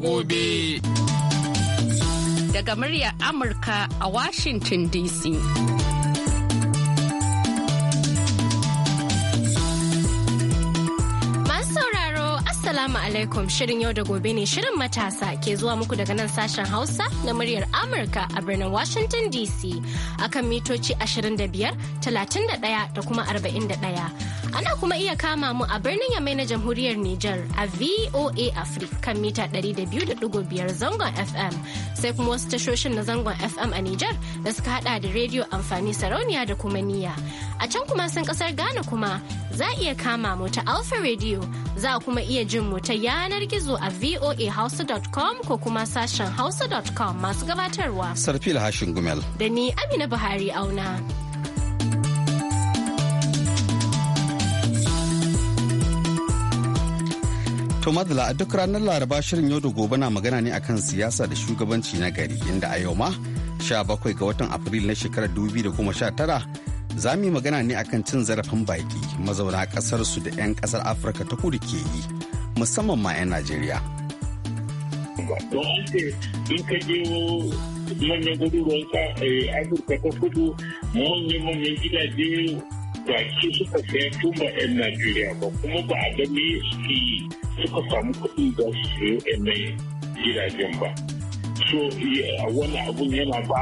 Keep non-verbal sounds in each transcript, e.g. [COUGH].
gobe. Daga muryar Amurka a Washington DC. Assalamu alaikum shirin yau da gobe ne shirin matasa ke zuwa muku daga nan sashen Hausa na muryar Amurka a birnin Washington DC akan mitoci 25, 31 da kuma 41. Ana kuma iya kama mu a birnin Yamai na Jamhuriyar Nijar a VOA Africa kan mita 200.5 zangon FM sai kuma wasu tashoshin na zangon FM a Nijar da suka hada da rediyo amfani sarauniya da kuma niya. A can kuma sun kasar Ghana kuma za a iya kama mu ta Alpha Radio za a kuma iya jin mu ta yanar gizo a voahausa.com ko kuma sashen hausa.com masu gabatarwa. Sarfil Hashin Gumel. Da ni Amina Buhari auna. To madala a duk ranar laraba shirin yau da gobe na magana ne akan siyasa da shugabanci na gari inda a yau ma 17 ga watan Afrilu na shekarar 2019 za mu yi magana ne akan cin zarafin baki mazauna kasar su da 'yan kasar Afirka ta kudu ke yi musamman ma 'yan Najeriya. Don in ka je manyan garuruwan eh, Afirka ta kudu manya-manyan gidaje baki suka sayan tuma 'yan Najeriya ba kuma ba a gani su yi suka samu kuɗi za su sayo gidajen ba so wani abun yana ba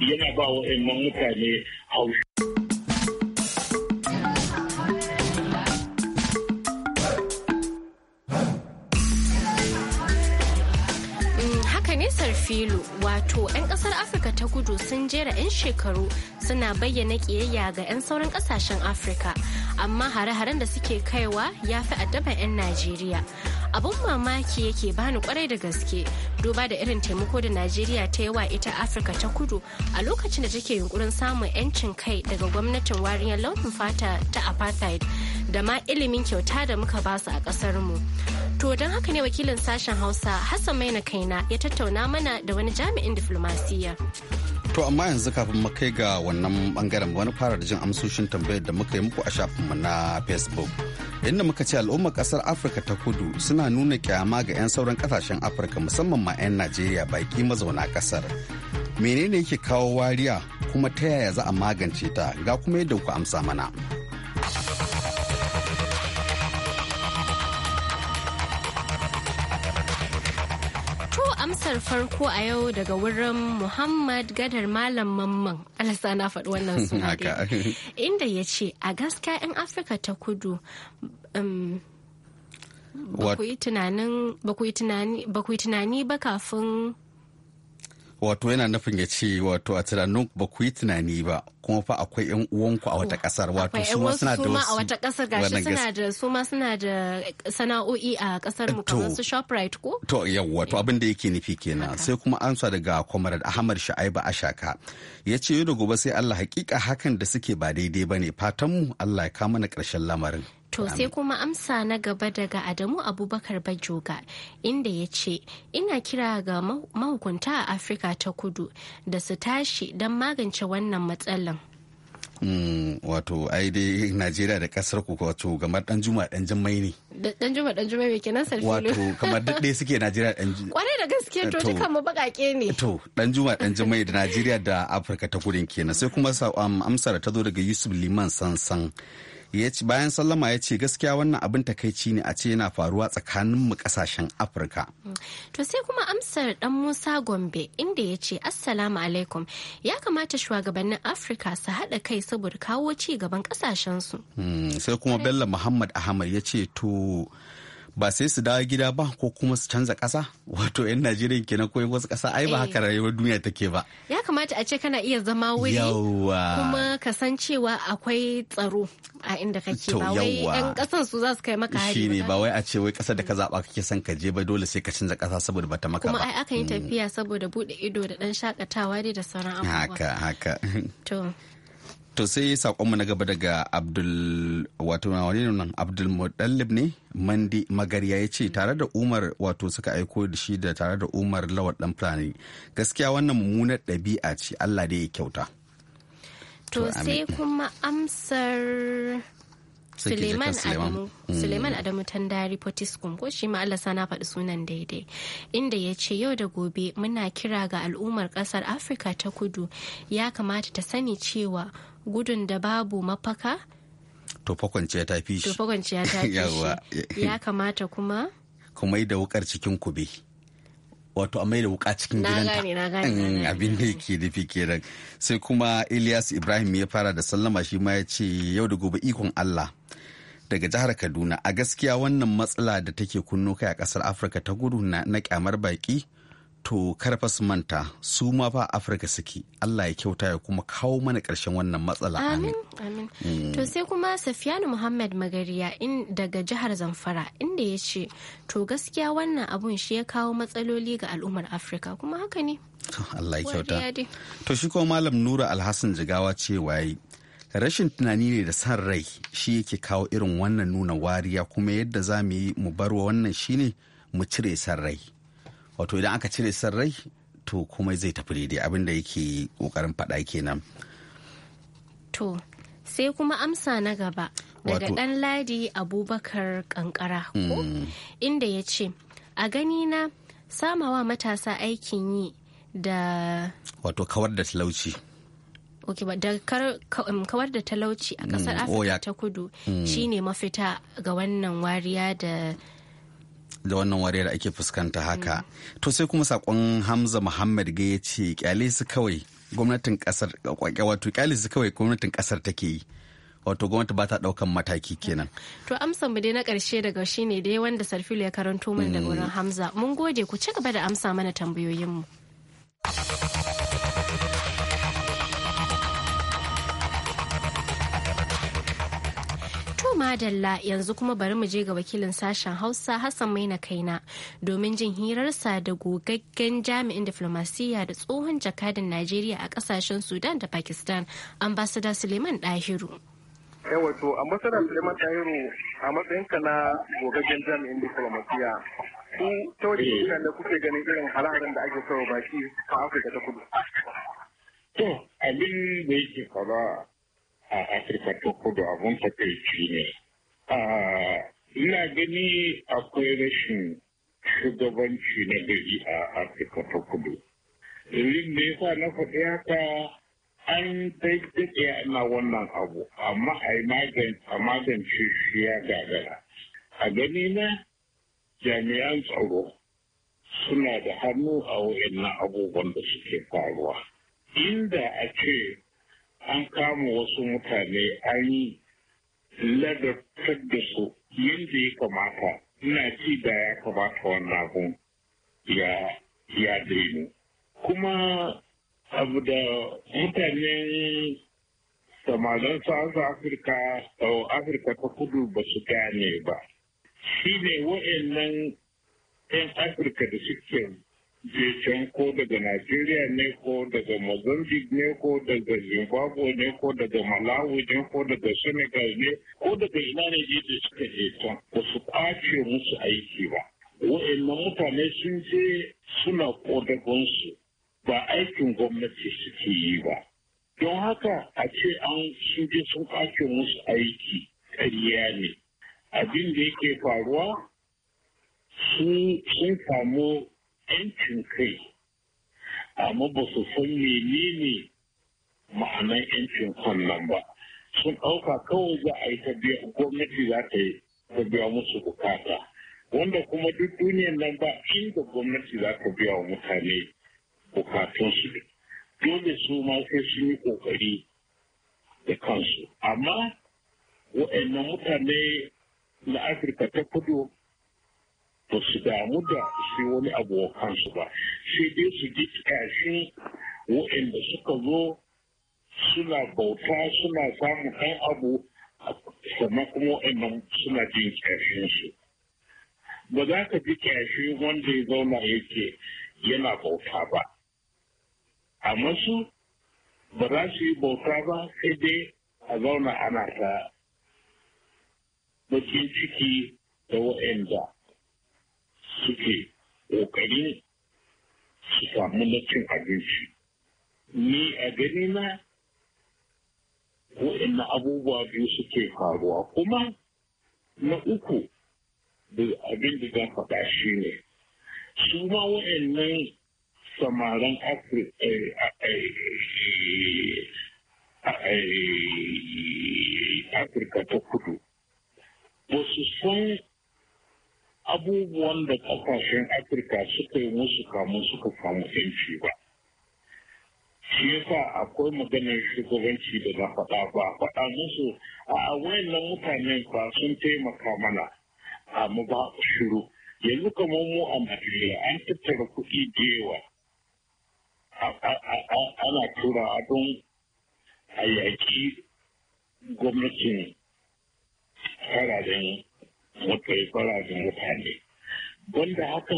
yana ba wa'annan mutane haushi mm, filu wato 'yan kasar afirka ta kudu sun jera 'yan shekaru suna bayyana kiyayya ga 'yan sauran kasashen afirka amma hare-haren da suke kaiwa ya fi addaban 'yan najeriya abun mamaki yake bani kwarai da gaske duba da irin taimako da najeriya ta yi wa ita afirka ta kudu a lokacin da take yunkurin samun 'yancin kai daga gwamnatin wariyar launin fata ta apartheid da ma ilimin kyauta da muka basu a kasar mu to don haka ne wakilin sashen hausa hassan maina kaina ya tattauna mana da wani jami'in diflomasiyya To amma yanzu kafin mu kai ga wannan bangaren wani fara da jin amsoshin tambayar da muka yi muku a shafinmu na Facebook. Inda muka ce al'ummar kasar Afirka ta kudu suna nuna kyama ga 'yan sauran kasashen Afirka musamman ma 'yan Najeriya baki mazauna kasar. Menene yake kawo wariya kuma ta yaya za a magance ta ga kuma yadda ku amsa mana. amsar farko a yau daga wurin Muhammad Gadar Malam Mamman alasa na faɗi wannan [LAUGHS] suna inda ya ce a gaskiya 'yan Afirka ta kudu um, ba ku yi tunani ba kafin wato yana nufin ya ce wato a tunanin ba ku yi tunani ba kuma fa akwai yan uwanku a wata kasar oh, wato su ma suna da wasu a wata kasar gashi suna da su ma suna da sana'o'i a kasar mu kamar su shoprite ko to to abin da yake nufi kenan sai kuma amsa daga comrade ahmad sha'aiba ashaka ya ce yau da gobe sai Allah hakika hakan da suke ba daidai bane fatan mu Allah ya kawo mana karshen lamarin To sai kuma amsa na gaba daga Adamu Abubakar Bajoga inda ya ce, "Ina kira ga mahukunta a Afirka ta kudu da su tashi don magance wannan matsalan." Mm, wato ai dai Najeriya da kasar ku wato gamar dan juma dan jima'i ne. Dan juma dan jimmai kenan sarfilo. Wato kamar duk ɗaya suke Najeriya dan Kwarai da gaske to duka mu bakake ne. To dan juma dan jimmai da Najeriya da Afirka ta kudin kenan sai kuma sa amsar ta zo daga Yusuf Liman Sansan. bayan sallama ya ce gaskiya wannan abin takaici ne a ce yana faruwa tsakanin mu kasashen afirka to sai kuma amsar dan musa gombe inda ya ce assalamu alaikum ya kamata shugabannin afirka su haɗa kai saboda kawo ci gaban ƙasashensu. Hmm, sai kuma bello muhammad ahmad ya ce to ba sai su dawo gida ba ko kuma su canza ƙasa wato 'yan najeriya kenan ko wasu ƙasa ai ba haka eh. rayuwar duniya take ba ya kamata a ce kana iya zama wuri kuma ka cewa akwai tsaro a inda kake ba wai 'yan ƙasan su za su kai maka hari shine ba wai a ce wai ƙasar da ka zaba kake son ka je ba dole sai ka canza ƙasa saboda bata maka ba kuma ai akan yi mm. tafiya saboda buɗe ido da dan shakatawa dai da sauran abubuwa haka haka to To sai saƙonmu na gaba daga Abdul wato na wani nan Abdul Mudallib ne Mandi Magarya ya ce tare da Umar wato suka aiko da shi da tare da Umar Lawal dan Fulani. Gaskiya wannan mummunar ɗabi'a ce Allah da ya kyauta. To sai kuma amsar Suleiman Adamu mm. Suleiman Adamu Tandari Potiskum ko shi ma Allah sana faɗi sunan daidai inda ya ce yau da gobe muna kira ga al'ummar ƙasar Afirka ta kudu ya kamata ta sani cewa gudun da babu mafaka to fakwanciya ta shi to ta fi shi [LAUGHS] ya kamata kuma kuma yi da wukar cikin kube wato a mai da wuka cikin gidanta mm, abin da yake nufi kenan sai kuma Ilyas Ibrahim ya fara da sallama shi ma ya ce yau da gobe ikon Allah daga jihar Kaduna a gaskiya wannan matsala da take kunno kai a kasar Afirka ta gudu na kyamar baki to karfas manta su ma fa afirka suke allah ya kyauta ya kuma kawo mana karshen wannan matsala amin amin mm. to sai kuma safiyanu muhammad magariya in daga jihar zamfara inda ya ce to gaskiya wannan abun shi ya kawo matsaloli ga al'ummar afirka kuma haka ne allah ya kyauta to shi kuma malam nura alhassan jigawa ce waye rashin tunani ne da san rai shi yake kawo irin wannan nuna wariya kuma yadda za mu yi mu barwa wannan shine mu cire san rai wato idan aka cire san rai to komai zai tafi daidai abin da yake kokarin faɗa kenan to sai kuma amsa na gaba daga ɗan ladi abubakar kankara ko mm. inda ya ce a gani na samawa matasa aikin yi da wato kawar da talauci ba da um, kawar da talauci a kasar mm, afirka ta kudu mm. shine mafita ga wannan wariya da da wannan wariyar ake fuskanta haka to sai kuma sakon hamza muhammad ga ya ce kyale su kawai gwamnatin kasar wato kyale su kawai gwamnatin kasar take yi wato gwamnati ba ta daukan mataki kenan to amsan mu dai na karshe daga shi shine dai wanda sarfilu ya karanto mana da wurin mm. hamza mun gode ku ci gaba da amsa mana tambayoyin mu madalla yanzu kuma bari mu je ga wakilin sashen Hausa Hassan Maina Kaina domin jin hirarsa da gogaggen jami'in diflomasiyya da tsohon jakadin Najeriya a kasashen Sudan da Pakistan, ambassador Suleiman Dahiru. yawa eh, to ambassador Suleiman dahiru a matsayinka na gogaggen jami'in diflomasiyya ku ta wace eh. da kuke ganin irin halayen da ake kawo baki a Afirka ta Kudu. To abin da yake fara a afirka ta kudu abun takaici ne ina gani akwai rashin shugabanci na gari a afirka ta kudu dalilin da sa na faɗi haka an daidai ana wannan abu amma a yi magance shi ya gagara a gani na jami'an tsaro suna da hannu a na abubuwan da suke faruwa inda a ce an kama wasu mutane an yi ladabtar da su yadda ya kamata ina ci da ya kamata wannan abun ya ya kuma abu da mutanen samarin south afirka afirka ta kudu ba su gane ba shine wa'annan 'yan afirka da suke je can ko daga Najeriya ne ko daga Mozambique ne ko daga Zimbabwe ne ko daga Malawi ne ko daga Senegal ne ko daga ina ne je da suka je can ba su kwace musu aiki ba. Wa'annan mutane sun je suna kodagonsu ba aikin gwamnati suke yi ba. Don haka a ce an sun je sun kwace musu aiki ƙarya ne. Abin da yake faruwa sun samu 'yancin kai amma ba su san menene ma'anar 'yancin nan ba sun ɗauka kawai za a yi ta biya gwamnati za ta yi ta biya musu bukata wanda kuma duk duniyar nan ba inda gwamnati za ta biya wa mutane bukatunsu dole su ma sai sun yi kokari da kansu amma wa'annan mutane na afirka ta kudu ba su damu da shi wani abu kansu ba sai dai su ji kashin waɗanda suka zo suna bauta suna samun ɗan abu sannan kuma waɗannan suna jin kashin su ba za ka ji kashin wanda ya zauna yake yana bauta ba amma su ba za su yi bauta ba sai dai a zauna ana ta bakin ciki da waɗanda suke ƙoƙarin su samu na cin abinci. Ni a gani na waɗannan abubuwa biyu suke faruwa kuma na uku da abin da za faɗa shi ne. Su ma waɗannan samaran Afirka eh, eh, eh, Afirka ta kudu. wasu sun. abubuwan da kafafen afirka suka yi musu kamun suka samu yanci ba shi yasa akwai maganar shugabanci da na faɗa ba faɗa musu a wayannan mutanen ba sun taimaka mana a mu ba shiru yanzu kamar mu a Najeriya an tattara kuɗi da yawa ana tura don a yaƙi gwamnatin yi muka fara da mutane wanda haka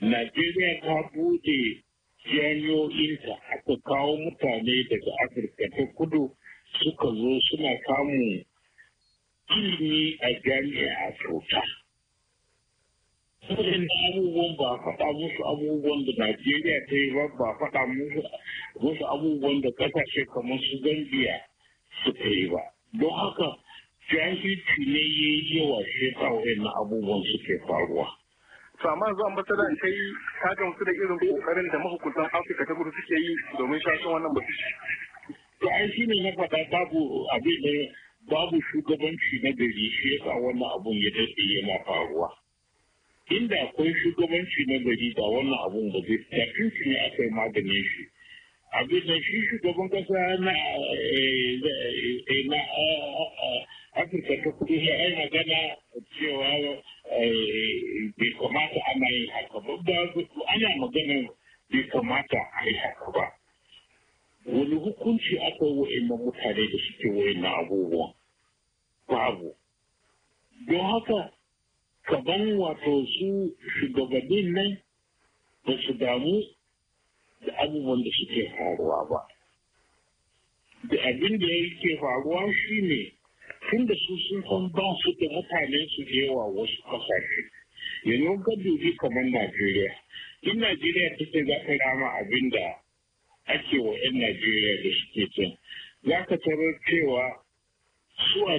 najeriya ta bude jami'o'inta aka kawo mutane daga afirka ta kudu suka zo suna samu ilimi a jami'a kyauta waɗanda abubuwan ba faɗa musu abubuwan da Najeriya ta yi ba ba faɗa musu abubuwan da ƙasashe kamar su Zambiya suka yi ba. Don haka jahilci ne ya yi yawa shi sa wa'annan abubuwan suke faruwa. Sama zuwa ambasada kai ka gamsu da irin kokarin da mahukuntan afirka ta gudu suke yi domin shashin wannan batu. to an shi ne na faɗa babu abin da babu shugabanci na gari shi sa wannan abun ya daɗe yana faruwa. inda akwai shugabanci na gari da wannan abun ba zai tafin shi ne aka yi maganin shi. abin da shi shugaban kasa na eh, eh, eh, afirka ta kudu ya yi magana cewa bai kamata ana yin haka ba ba ana magana bai kamata a yi haka ba wani hukunci aka yi wa'annan mutane da suke na abubuwan babu don haka kaban wato su shugabannin nan ba su damu da abubuwan da suke faruwa ba da abin da yake faruwa shi ne tun da su sun san ba su da mutane su yawa wasu kasashe yanzu ka dubi kamar najeriya in najeriya ta ce za ta rama abin da ake wa 'yan najeriya da suke can za ka tarar cewa su a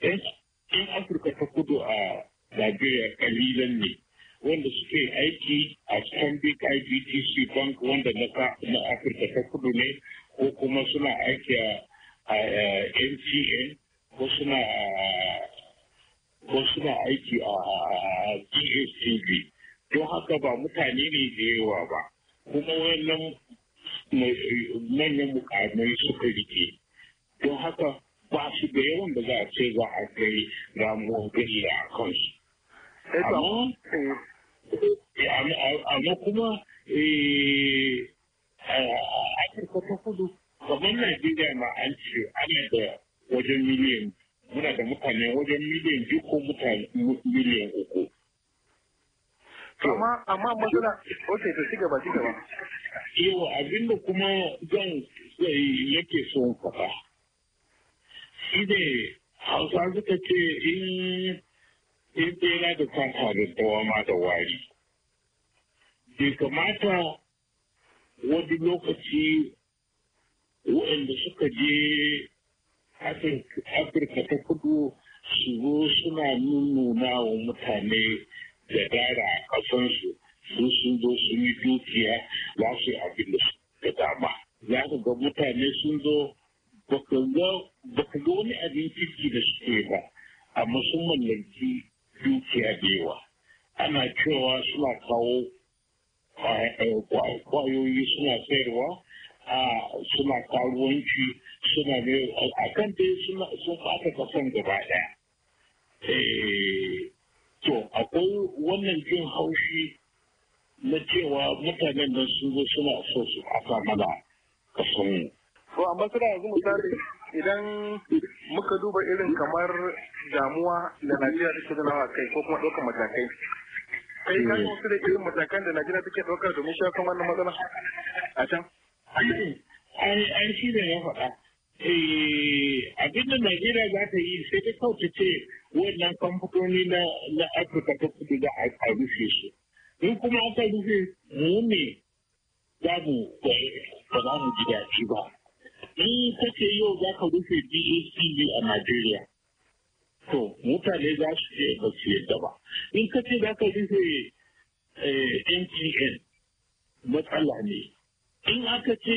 'yan afirka ta kudu a najeriya kalilan ne wanda suke aiki a stanbic ibtc bank wanda na afirka ta kudu ne ko kuma suna aiki a ncn wasu na wasu na aiki a DSTV don haka ba mutane ne da yawa ba kuma wannan manyan mukamai suka rike don haka ba su da yawan da za a ce za a kai ramuwar gari a kansu. Eh, eh, amma kuma eh, a Afirka ta kudu kamar Najeriya ma an ce ana da wajen miliyan muna da mutane wajen miliyan biyu ko mutane miliyan uku. Amma amma matsala ok to ci gaba ci gaba. Yawa abinda kuma zan yake son faɗa. Shi ne hausa suka ce in in bera da kwanta da dawama da wari. Bai kamata wani lokaci waɗanda suka je afirka ta kudu shigo suna nuna wa mutane da dara a ƙasansu su sun zo sun yi dukiya za su abin da dama za ka ga mutane sun zo baka ga wani abin da suke ba amma sun mallaki dukiya da yawa ana cewa suna kawo kwayoyi suna sayarwa suna karuwanci suna da a kan dai sun fata son gaba ɗaya. Eh, to, akwai wannan jin haushi na cewa mutanen da su zo suna so su fata mana kasan To, amma suna yanzu misali idan muka duba irin kamar damuwa da Najeriya take da kai ko kuma ɗaukar matakai. Kai ka wasu da irin matakan da Najeriya take ɗaukar domin shakan wannan matsala a can? Ai, ai shi da ya faɗa. Eh, abinda Najeriya za ta yi sai ta kauce ce wannan kamfanoni na Afirka ta kudu da a rufe su. In kuma aka rufe mu ne za mu ba za mu ji ba. In ka ce yau za ka rufe DACV a Najeriya. To, mutane za su ce ba su yadda ba. In ka ce za ka rufe NTN eh, matsala ne. In aka ce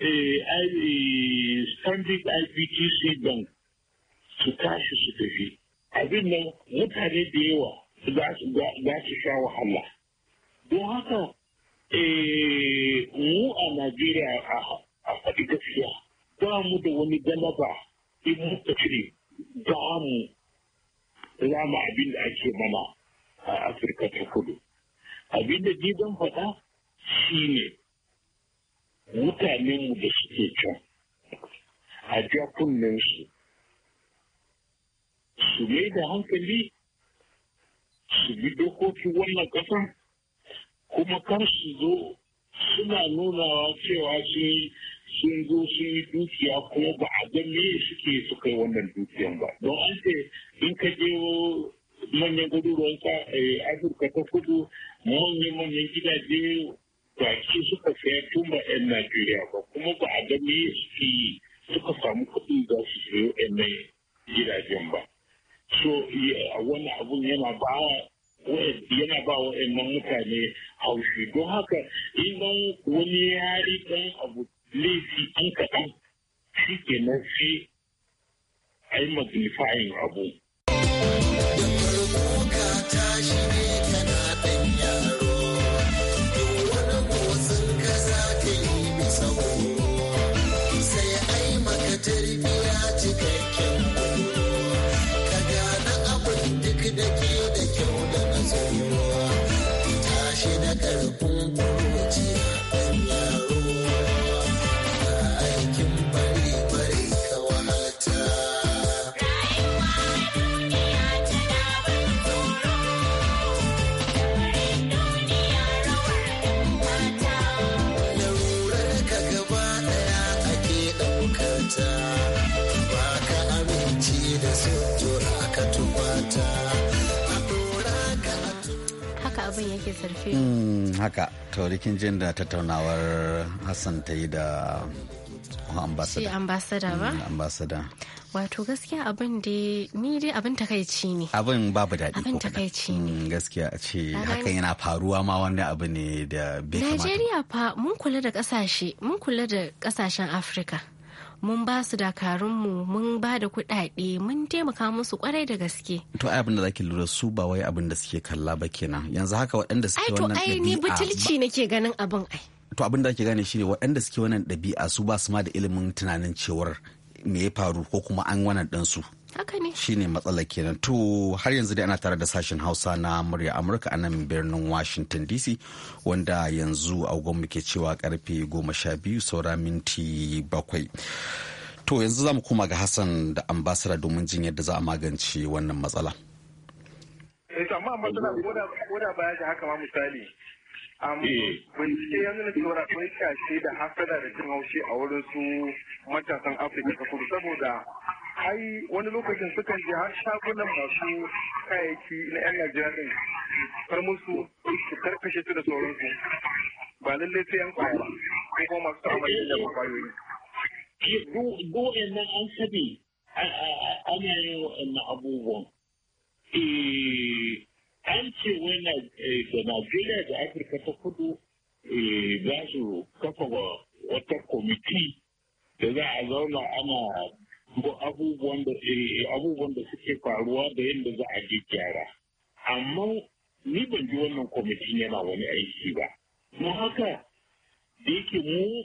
Eh, standard ibtc bank su tashi su tafi abin nan mutane da yawa za su sha wahala don haka eh, mu a najeriya a faɗi gaskiya ba mu da wani galaba in muka ce ba mu rama abin da ake mana a afirka ta kudu abin da faɗa shi ne mutanenmu da suke can a ja su mai da hankali su bi dokokin wannan ƙasa kuma kar su zo suna nunawa cewa sun zo sun yi dukiya kuma ba a ga suke su kai wannan dukiyan ba don an ce in ka je manyan a eh, afirka ta kudu manyan manyan gidaje baki suka saya tun ba 'yan Najeriya ba kuma ba a ga me su suka samu kuɗi za su sayo 'yan gidajen ba. So wani abun yana ba yana ba mutane haushi don haka idan wani yari ɗan abu laifi an kaɗan shi ke nan sai a yi abu. da sarfe hmm, haka to rikin jin da tattaunawar hassan ta yi da ambasada ba hmm, ambasada wato gaskiya abin da ni dai abin takaici ne abin babu daɗi abin takaici ne hmm, gaskiya a ce hakan yana faruwa ma wani abu ne da bai kamata Najeriya fa mun kula da ƙasashe mun kula da kasashen Afirka mun ba su dakarunmu mun ba da kuɗaɗe mun taimaka musu kwarai da gaske. To ai abin da zaki lura su ba wai abin da suke kalla ba kenan yanzu haka waɗanda suke wannan ɗabi'a. Ai to ai ni butulci nake ganin abin ai. To abin da ake gane shine waɗanda suke wannan ɗabi'a su ba su ma da ilimin tunanin cewar me ya faru ko kuma an wannan ɗansu. haka ne shine matsalar kenan to har yanzu dai ana tare da sashen hausa na murya amurka a nan birnin washington dc wanda yanzu agon muke cewa karfe goma sha biyu saura minti bakwai to yanzu za mu koma ga hassan da ambasada domin jin yadda za a magance wannan matsala eh, amma baya haka misali eh. bincike yanzu na cewa akwai kyashe da hasada da jin haushi a wurin su matasan afirka ta kudu saboda ai wani lokacin sukan je har shagunan masu kayayyaki na 'yan Najeriya din kar musu su karfashe su da sauransu ba lallai sai 'yan kwaya ba ko kuma masu amfani da kwayoyi. Duk an sabi ana yin wa'annan abubuwan. Eh, an ce wani eh, da Najeriya da Afirka ta kudu eh, za su kafa wata kwamiti da za a zauna ana Eh, abubuwan da suke faruwa da yadda za a gyara. Amma ni ban ji wannan kwamitin yana wani aiki ba. Na haka da yake mu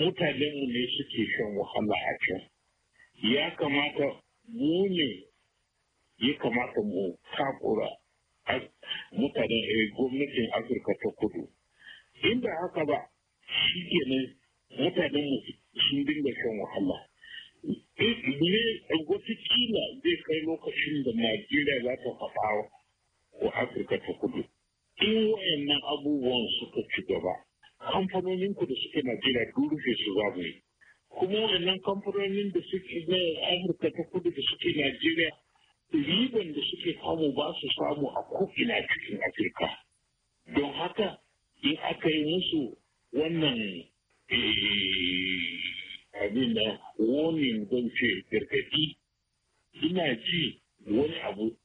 mutanenmu ne suke shan wahala a can. Ya kamata mu ne ya kamata mu takura mutanen eh, gwamnatin Afirka ta kudu. inda haka ba, shi kenan mutanenmu sun dinga shan wahala. Eh, ne watakila zai kai lokacin da najeriya za ta faɗa ko afirka ta kudu in wayannan abubuwan suka ci gaba kamfanonin ku da suke najeriya duk su za mu yi kuma wayannan kamfanonin da suke na afirka ta kudu da suke najeriya riban da suke samu ba su samu a ko'ina cikin afirka don haka in aka yi musu wannan eh, abin da wani gwamce ce ina ji wani abu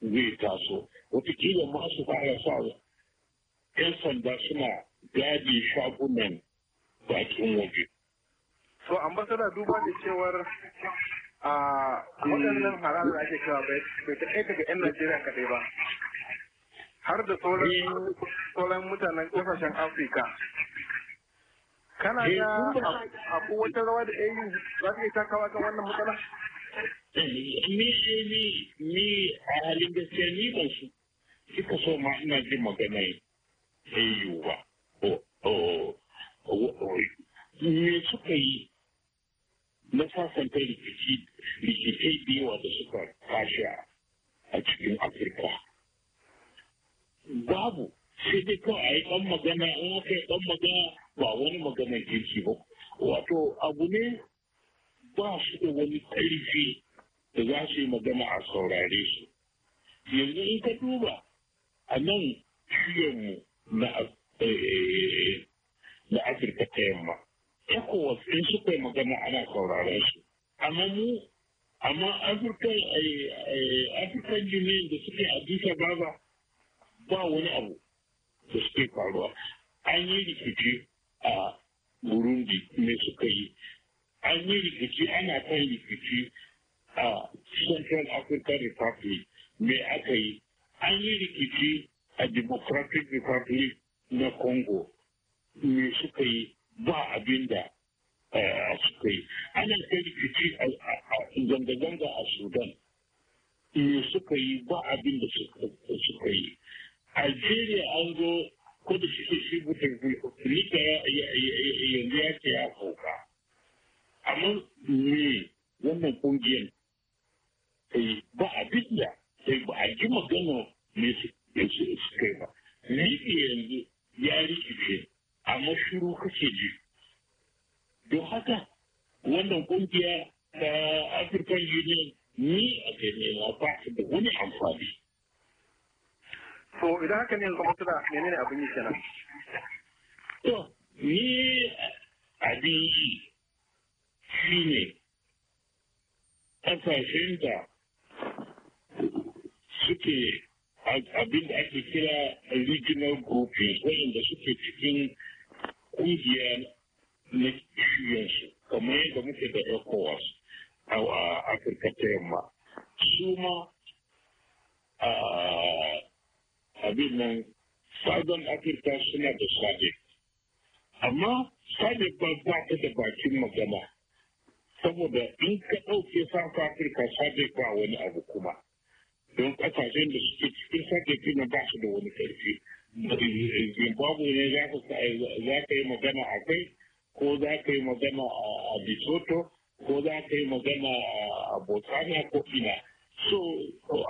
zai taso Wataƙila masu fara sa yan sanda suna gadi shagunan bakin waje. so ambasada duba da cewar a waɗannan haramun ake cewa bai ta kai daga 'yan najeriya kaɗai ba har da tsoron mutanen ƙasashen afirka kana da eh, akwai wata rawa da au za ta iya takawa ga wannan matsala ni ni ni a halin gaskiya ni ba su suka so ma ina jin magana au ba me suka yi na sasanta rikici rikitai da yawa da suka tashi a cikin afirka babu sai dai kawai a yi ɗan magana in aka yi ɗan magana ba wani magana girki ba wato abu ne ba su da wani ƙarfi da za su yi magana a saurare su yanzu in ka duba a nan shiyanmu eh, na afirka ta yamma ecowas in suka yi magana ana sauraren su amma mu amma eh, eh, african union da suke addis ababa ba wani abu da suke faruwa an yi rikici a burundi ne suka yi an yi rikici ana kan rikici a central african republic me aka yi an yi rikici a democratic republic na congo me suka yi ba abin da suka yi ana kan rikici a zanga-zanga a sudan me suka yi ba abin da suka yi algeria an zo ko da shi shi gudun lita yanzu ya ce ya sauka amma ne wannan kungiyar sai ba a bidiya sai ba a ji magana ne su kai ba lita yanzu ya rikice amma shiru kake ji don haka wannan kungiya ta african union ni a kai ne ba su da wani amfani to idan haka ne ga mutu da menene abin yi kenan to ni abin yi shi ne kasashen da suke abin da ake kira regional groupings wadanda suke cikin kungiya na su kamar yadda muke da ecowas a afirka ta yamma su ma abin nan sabon afirka suna da sabe amma sabe ba ba ta da bakin magana saboda in ka ɗauke sabon afirka sabe ba wani abu kuma don ƙasashen da suke cikin sadec na ba su da wani karfi zimbabwe ne za ka yi magana a kai ko za ka yi magana a bisoto ko za ka yi magana a botswana ko ina so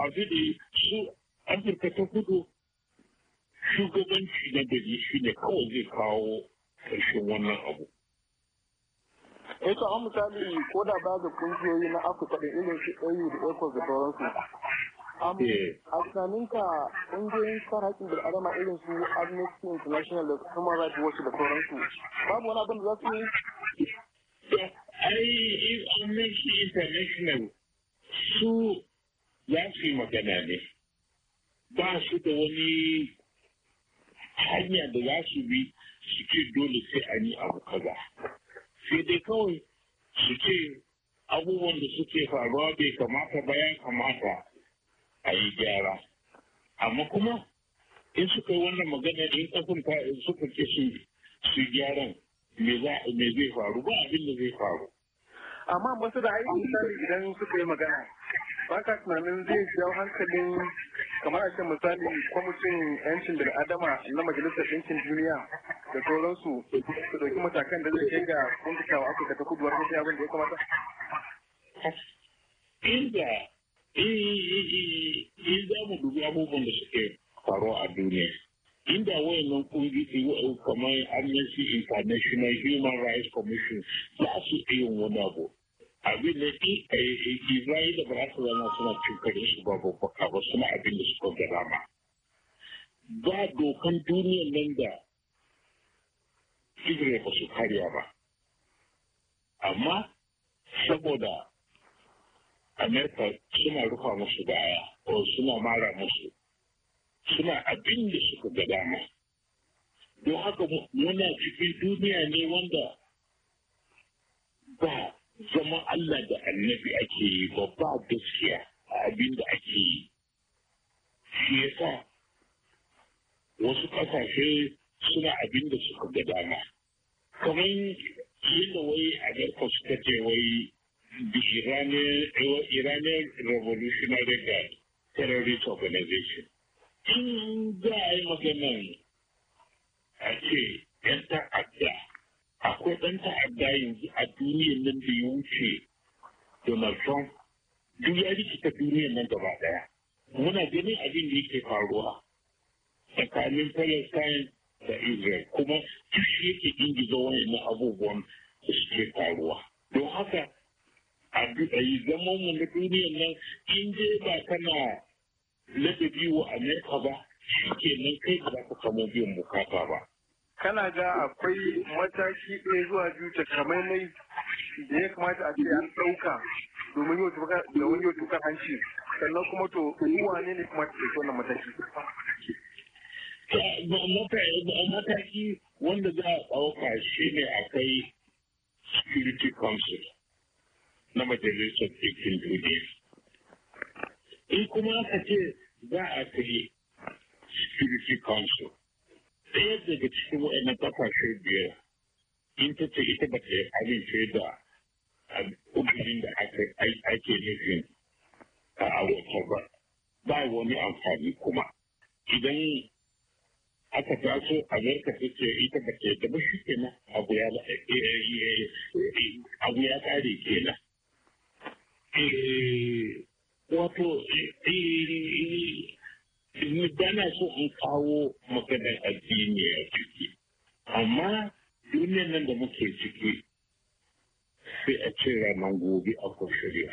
abidi su afirka ta kudu shugabanci na gari shi ne kawai zai kawo ƙarshen wannan abu. Eh to an misali ko da ba da kungiyoyi na Afirka da irin shi AU da ECOWAS da sauransu. Eh. A ka ƙungiyoyin kan haƙƙin adama irin su Amnesty International da Human Rights Watch da sauransu. Babu wani abin da za su yi? Eh, ai, Amnesty International su ya fi magana ne. Ba su da wani hanya da za su bi su ke dole sai an yi abu kaza sai dai kawai su ce abubuwan da suke faruwa bai kamata ba ya kamata a yi gyara amma kuma in suka yi wannan magana in kafin ta in suka ke su gyaran me zai faru ba abin da zai faru amma masu da aiki misali idan suka yi magana ba ka tunanin zai jawo hankalin kamar a ce misali kwamitin yancin da adama na majalisar ɗinkin duniya da sauransu su ɗauki matakan da zai kai ga kuntuka wa afirka ta kuduwar wata abin da ya kamata? Inda in eh, eh, eh, za mu dubi abubuwan da suke faruwa a duniya. Inda wayannan kungiyoyi kamar Amnesty International Human Rights Commission za su iya wani abu. abin da fi eh, eh, da ba su zama suna cin kare su ba babbaka ba suna abin da suka ga dama ba dokan duniyan nan da isra'ila ba su karya ba amma saboda amerika suna rufa musu baya ko suna mara musu suna abin da suka ga dama don haka muna cikin duniya ne wanda ba zama Allah da annabi ake yi babba gaskiya a abin da ake yi. Shi yasa wasu ƙasashe suna abin da suka ga dama. Kamar yadda wai Amerika suka ce wai the Iranian Revolutionary Guard Terrorist Organization. In za a yi maganan a ce 'yan ta'adda akwai ɗan ta'adda yanzu a duniyar nan da ya wuce Donald Trump duk ya rikita duniyar nan gaba ɗaya. Muna ganin abin da yake faruwa tsakanin Palestine da Israel kuma duk shi yake ingiza wani abubuwan da suke faruwa. Don haka a yi zaman mu na duniyar nan in je ba kana ladabi wa Amerika ba shi ke nan kai ba za ka samu biyan bukata ba. kana ga akwai mataki ɗaya zuwa biyu takamaimai da ya kamata a ce an ɗauka domin yau tukar hanci sannan kuma to uwa ne ne kuma ta wannan mataki mataki wanda za a ɗauka shi ne akwai security council na majalisar ɗinkin duniya in kuma aka ce za a kai security council ɗaya daga cikin waɗannan ƙasashe biyar in ta ce ita ba ta amince da ƙudurin da ake nufin a wata ba ba wani amfani kuma idan aka taso amurka ta ce ita ba ta yadda ba shi kenan abu ya abu ya ƙare kenan eh, wato eh, eh, ni bana so in kawo maganar addini a ciki amma duniyar nan da muke ciki sai a ce ranar gobe a shirya.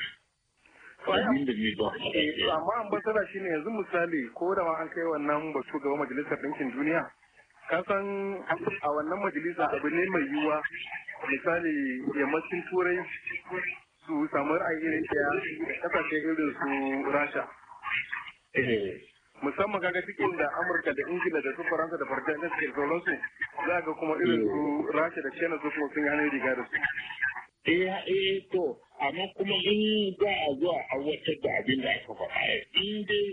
amma ambasada shi ne yanzu misali ko da ma an kai wannan batu gaba majalisar ɗinkin duniya kasan a wannan majalisa abu ne mai yiwuwa misali yammacin turai su samu ra'ayi irin ɗaya kasashe irin su rasha eh. musamman kaga cikin da amurka da ingila da su faransa da farjan da suke sauransu za ga kuma irin su rasha da china su kuma sun hannun riga da su eh eh to amma kuma in za a zuwa a wata da abin da aka faɗa in dai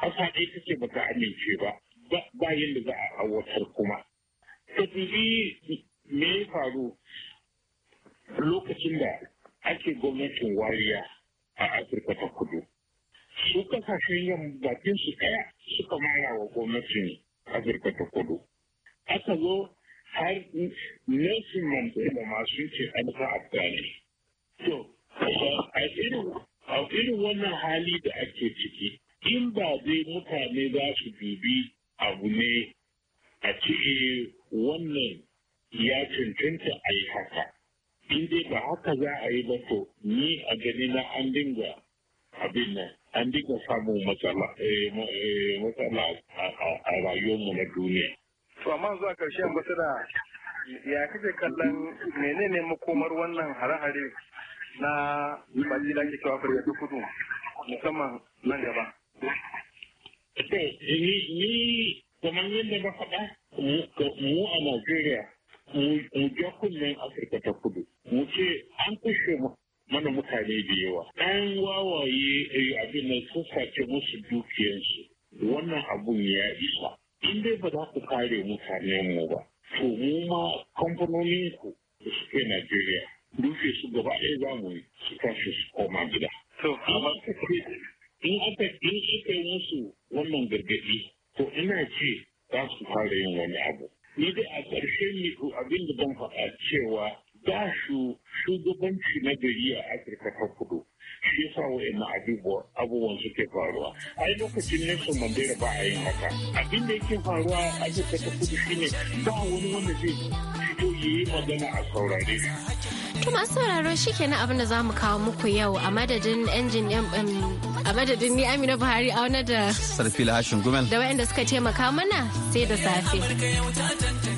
ƙasa ɗaya ce ba ta amince ba ba yadda za a awatar kuma ta me ya faru lokacin da ake gwamnatin wariya a afirka ta kudu su kasashen yamma bakin su ɗaya suka mara wa gwamnatin Afirka ta kudu. Aka zo har Nelson Mandela masu ce an a Afghani. To, a irin wannan hali da ake ciki, in ba dai mutane za su dubi abu ne a ciki wannan ya cancanta a yi haka. In dai ba haka za a yi ba to, ni a gani na an dinga abin nan an dika samun matsala eh, eh, a rayuwarmu na duniya. To amma zuwa ƙarshen ba da ya kake kallon menene makomar wannan hare-hare na baki da ke kawo farko kudu musamman nan gaba. To ni kamar yadda na faɗa mu a Najeriya mu jakunan Afirka ta kudu mu ce an kushe mu mana mutane da yawa an wawaye eh, abin nan sassace musu dukiyarsu wannan abun ya isa in dai ba za ku kare mutanen mu ba to mu ma kamfanonin ku da suke Najeriya rufe su gaba ɗaya za mu su tashi su koma gida. To, amma in aka in aka yi musu wannan gargaɗi to ina ce za su fara yin wani abu. Ni dai a ƙarshen abin da ban faɗa cewa ba su shugabanci na gari a afirka ta kudu shi yasa wa'in abubuwan suke faruwa ai lokacin nelson mandela ba a yi haka abin da yake faruwa a afirka ta kudu shine ba wani wanda zai fito ya yi magana a saurare To masu sauraro shi kenan abin da za mu kawo muku yau a madadin injin a madadin ni Amina Buhari auna da Sarfila Hashin Gumel da waɗanda suka taimaka mana sai da safe.